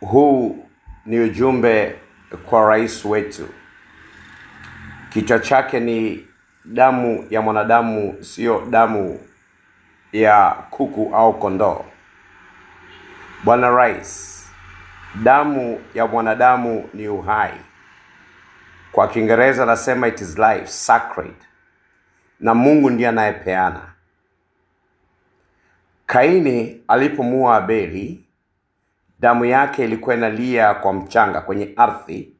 Huu ni ujumbe kwa rais wetu. Kichwa chake ni damu ya mwanadamu, siyo damu ya kuku au kondoo. Bwana Rais, damu ya mwanadamu ni uhai. Kwa Kiingereza anasema it is life sacred, na Mungu ndiye anayepeana. Kaini alipomua Abeli Damu yake ilikuwa inalia kwa mchanga kwenye ardhi,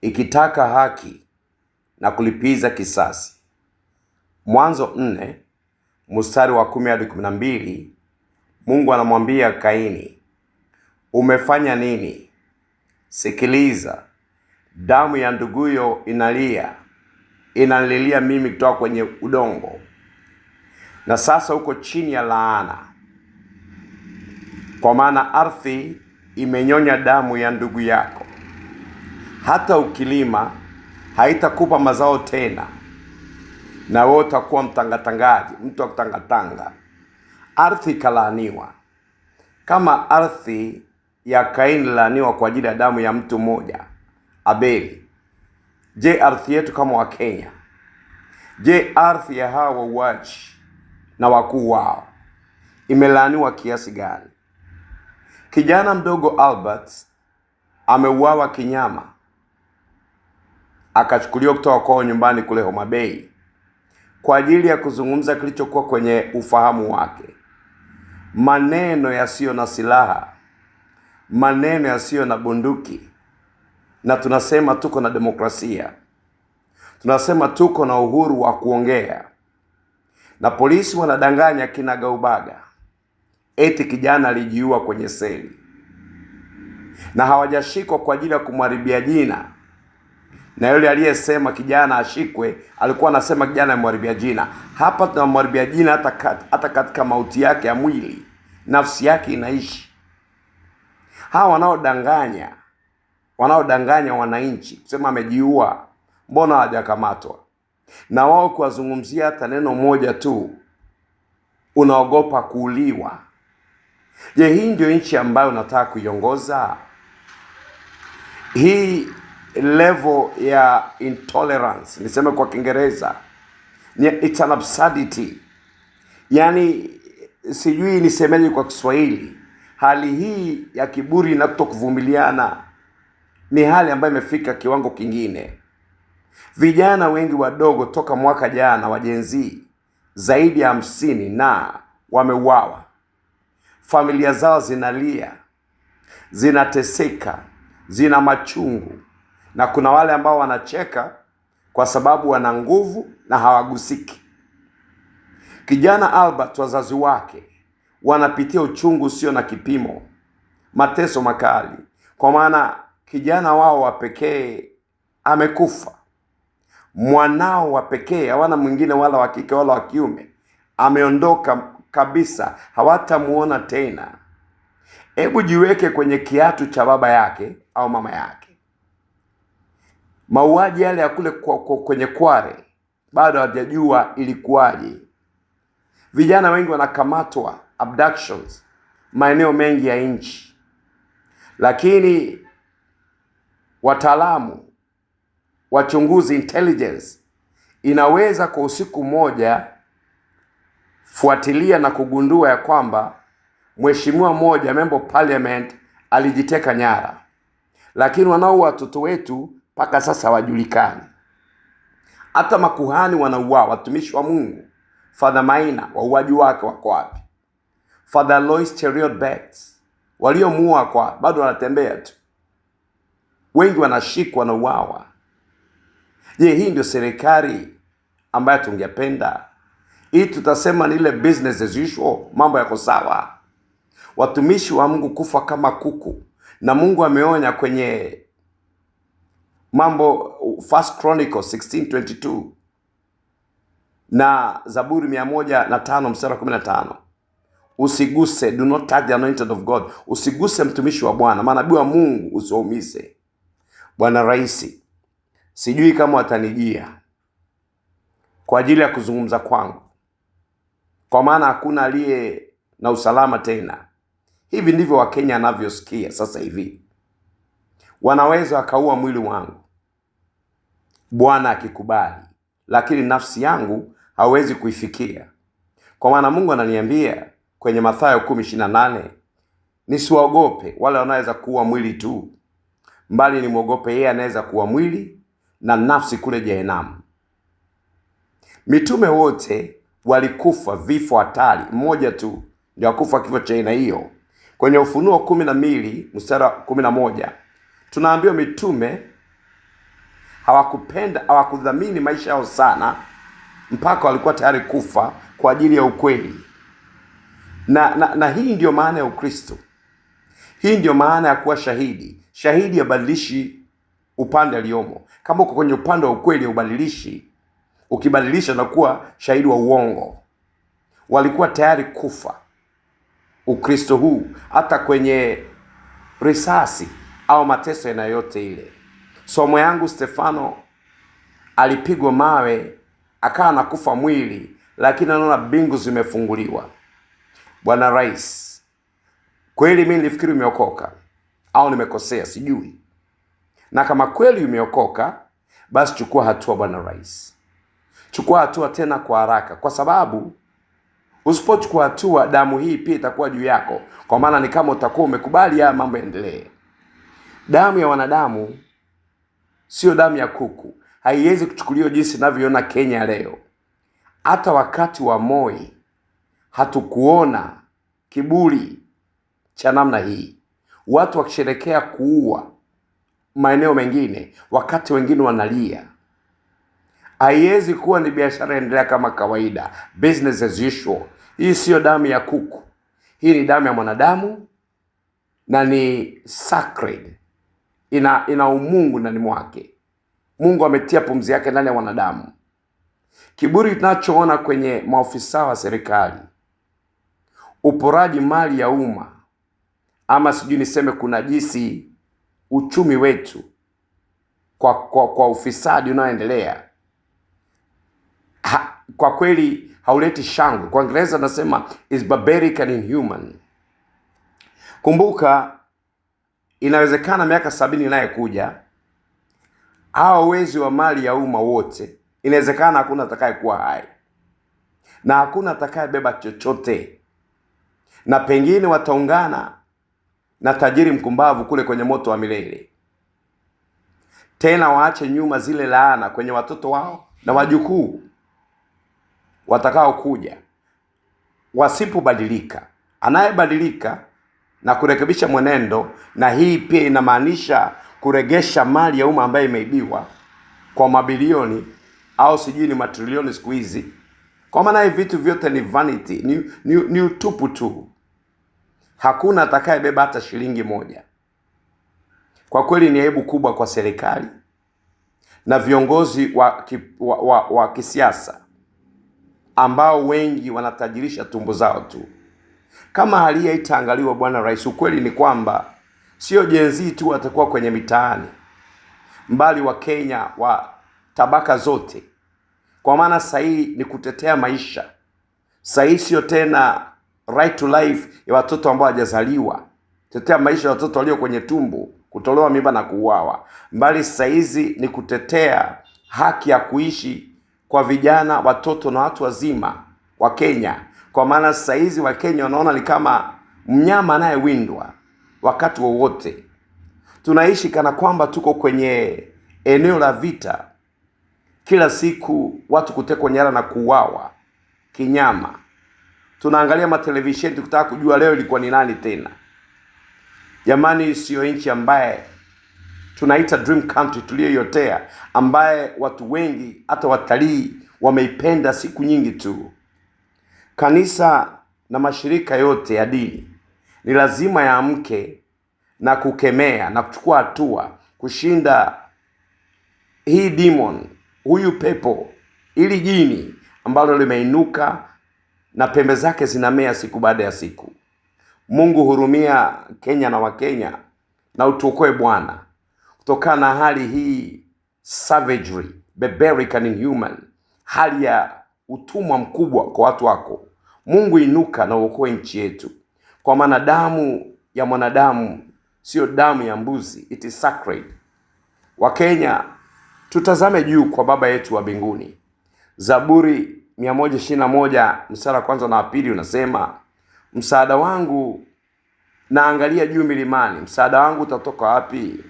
ikitaka haki na kulipiza kisasi. Mwanzo nne mstari wa kumi hadi kumi na mbili Mungu anamwambia Kaini, umefanya nini? Sikiliza, damu ya nduguyo inalia, inalilia mimi kutoka kwenye udongo, na sasa uko chini ya laana kwa maana ardhi imenyonya damu ya ndugu yako. Hata ukilima haitakupa mazao tena, na wewe utakuwa mtangatangaji, mtu wa kutangatanga. Ardhi ikalaaniwa kama ardhi ya Kaini laaniwa kwa ajili ya damu ya mtu mmoja Abeli. Je, ardhi yetu kama Wakenya? Je, ardhi ya hawa wauaji na wakuu wao imelaaniwa kiasi gani? Kijana mdogo Albert ameuawa kinyama, akachukuliwa kutoka kwao nyumbani kule Homa Bay kwa ajili ya kuzungumza kilichokuwa kwenye ufahamu wake, maneno yasiyo na silaha, maneno yasiyo na bunduki. Na tunasema tuko na demokrasia, tunasema tuko na uhuru wa kuongea, na polisi wanadanganya kinagaubaga eti kijana alijiua kwenye seli, na hawajashikwa kwa ajili ya kumharibia jina. Na yule aliyesema kijana ashikwe alikuwa anasema kijana amharibia jina. Hapa tunamharibia jina hata kat, hata katika mauti yake ya mwili, nafsi yake inaishi. Hawa wanaodanganya wanaodanganya wananchi kusema amejiua, mbona hawajakamatwa? Na wao kuwazungumzia hata neno moja tu, unaogopa kuuliwa. Je, hii ndio nchi ambayo unataka kuiongoza? Hii level ya intolerance, niseme kwa Kiingereza ni it's an absurdity, yaani sijui nisemeje kwa Kiswahili. Hali hii ya kiburi na kutokuvumiliana ni hali ambayo imefika kiwango kingine. Vijana wengi wadogo toka mwaka jana wa Gen zaidi ya hamsini na wameuawa familia zao zinalia, zinateseka, zina machungu, na kuna wale ambao wanacheka kwa sababu wana nguvu na hawagusiki. Kijana Albert, wazazi wake wanapitia uchungu usio na kipimo, mateso makali, kwa maana kijana wao wa pekee amekufa, mwanao wa pekee, hawana mwingine, wala wa kike wala wa kiume, ameondoka kabisa, hawatamwona tena. Hebu jiweke kwenye kiatu cha baba yake au mama yake. Mauaji yale ya kule kwenye Kware bado hawajajua ilikuwaje. Vijana wengi wanakamatwa, abductions maeneo mengi ya nchi, lakini wataalamu wachunguzi intelligence inaweza kwa usiku mmoja kufuatilia na kugundua ya kwamba mheshimiwa mmoja member parliament alijiteka nyara, lakini wanaua watoto wetu mpaka sasa hawajulikani. Hata makuhani wanauawa, watumishi wa Mungu. Father Maina, wauaji wake wako wapi? Father Lois Cheriot Bates waliomuua kwa bado wanatembea tu, wengi wanashikwa, wanauawa. Je, hii ndio serikali ambayo tungependa? hii tutasema ni ile business as usual, mambo yako sawa. Watumishi wa Mungu kufa kama kuku, na Mungu ameonya kwenye mambo First Chronicles 16:22 na Zaburi 105 mstari 15, usiguse, do not touch the anointed of God, usiguse mtumishi wa Bwana, manabii wa Mungu usiwaumize. Bwana Rais, sijui kama watanijia kwa ajili ya kuzungumza kwangu kwa maana hakuna aliye na usalama tena. Hivi ndivyo Wakenya anavyosikia sasa hivi. Wanaweza wakaua mwili wangu Bwana akikubali, lakini nafsi yangu hawezi kuifikia, kwa maana Mungu ananiambia kwenye Mathayo 10:28 nisiwaogope wale wanaweza kuua mwili tu, mbali nimwogope yeye anaweza kuua mwili na nafsi kule jehanamu. Mitume wote walikufa vifo hatari, mmoja tu ndio akufa kifo cha aina hiyo. Kwenye Ufunuo kumi na mbili mstari kumi na moja tunaambiwa mitume hawakupenda hawakudhamini maisha yao sana, mpaka walikuwa tayari kufa kwa ajili ya ukweli. Na, na, na hii ndiyo maana ya Ukristo. Hii ndiyo maana ya kuwa shahidi. Shahidi badilishi upande aliyomo. Kama uko kwenye upande wa ukweli, ubadilishi ukibadilisha na kuwa shahidi wa uongo. Walikuwa tayari kufa Ukristo huu, hata kwenye risasi au mateso yana ile. Somo yangu Stefano alipigwa mawe akawa na kufa mwili, lakini anaona mbingu zimefunguliwa. Bwana Rais, kweli mi nilifikiri umeokoka au nimekosea, sijui. Na kama kweli umeokoka, basi chukua hatua, Bwana Rais chukua hatua tena kwa haraka, kwa sababu usipochukua hatua, damu hii pia itakuwa juu yako, kwa maana ni kama utakuwa umekubali haya mambo yaendelee. Damu ya wanadamu siyo damu ya kuku, haiwezi kuchukuliwa jinsi inavyoona Kenya leo. Hata wakati wa Moi hatukuona kiburi cha namna hii, watu wakisherekea kuua maeneo mengine, wakati wengine wanalia haiwezi kuwa ni biashara endelea kama kawaida, business as usual. Hii siyo damu ya kuku, hii ni damu ya mwanadamu na ni sacred, ina ina umungu ndani mwake. Mungu ametia pumzi yake ndani ya wanadamu. Kiburi tunachoona kwenye maofisa wa serikali, uporaji mali ya umma, ama sijui niseme jisi uchumi wetu kwa, kwa, kwa ufisadi unaoendelea kwa kweli hauleti shangwe. Kwa Kiingereza anasema is barbaric and inhuman. Kumbuka, inawezekana miaka sabini inayokuja hawa wezi wa mali ya umma wote, inawezekana hakuna atakayekuwa hai na hakuna atakayebeba chochote, na pengine wataungana na tajiri mkumbavu kule kwenye moto wa milele. Tena waache nyuma zile laana kwenye watoto wao na wajukuu watakaokuja wasipobadilika. Anayebadilika na kurekebisha mwenendo, na hii pia inamaanisha kuregesha mali ya umma ambayo imeibiwa kwa mabilioni au sijui ni matrilioni siku hizi. Kwa maana hii vitu vyote ni vanity, ni, ni, ni utupu tu. Hakuna atakayebeba hata shilingi moja. Kwa kweli ni aibu kubwa kwa serikali na viongozi wa, wa, wa, wa kisiasa ambao wengi wanatajirisha tumbo zao tu. Kama hali hii Bwana Rais, ukweli ni kwamba sio jenzii tu watakuwa kwenye mitaani, mbali wa Kenya wa tabaka zote, kwa maana sasa ni kutetea maisha. Sasa sio tena right to life ya watoto ambao hawajazaliwa, tetea maisha ya watoto walio kwenye tumbo, kutolewa mimba na kuuawa, mbali sasa hizi ni kutetea haki ya kuishi kwa vijana, watoto na watu wazima wa Kenya, kwa maana sasa hizi kenya wanaona ni kama mnyama anayewindwa wakati wowote wa tunaishi kana kwamba tuko kwenye eneo la vita, kila siku watu kutekwa nyara na kuuawa kinyama. Tunaangalia matelevisheni tukitaka kujua leo ilikuwa ni nani tena. Jamani, siyo nchi ambaye tunaita dream country tuliyoyotea, ambaye watu wengi hata watalii wameipenda siku nyingi tu. Kanisa na mashirika yote ya dini ni lazima yaamke na kukemea na kuchukua hatua kushinda hii demon, huyu pepo, ili jini ambalo limeinuka na pembe zake zinamea siku baada ya siku. Mungu hurumia Kenya na Wakenya na utuokoe Bwana kutokana na hali hii savagery, barbaric and inhuman, hali ya utumwa mkubwa kwa watu wako. Mungu inuka na uokoe nchi yetu, kwa maana damu ya mwanadamu siyo damu ya mbuzi, it is sacred. Kenya, tutazame juu kwa baba yetu wa mbinguni. Zaburi 121 mstari wa kwanza na wa pili unasema msaada wangu naangalia juu milimani, msaada wangu utatoka wapi?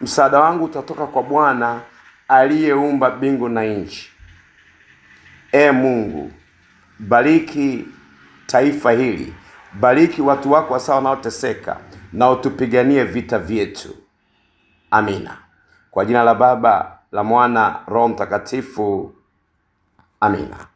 Msaada wangu utatoka kwa Bwana aliyeumba mbingu na nchi. E Mungu, bariki taifa hili, bariki watu wako wasawa wanaoteseka, na utupiganie vita vyetu. Amina. Kwa jina la Baba la Mwana Roho Mtakatifu. Amina.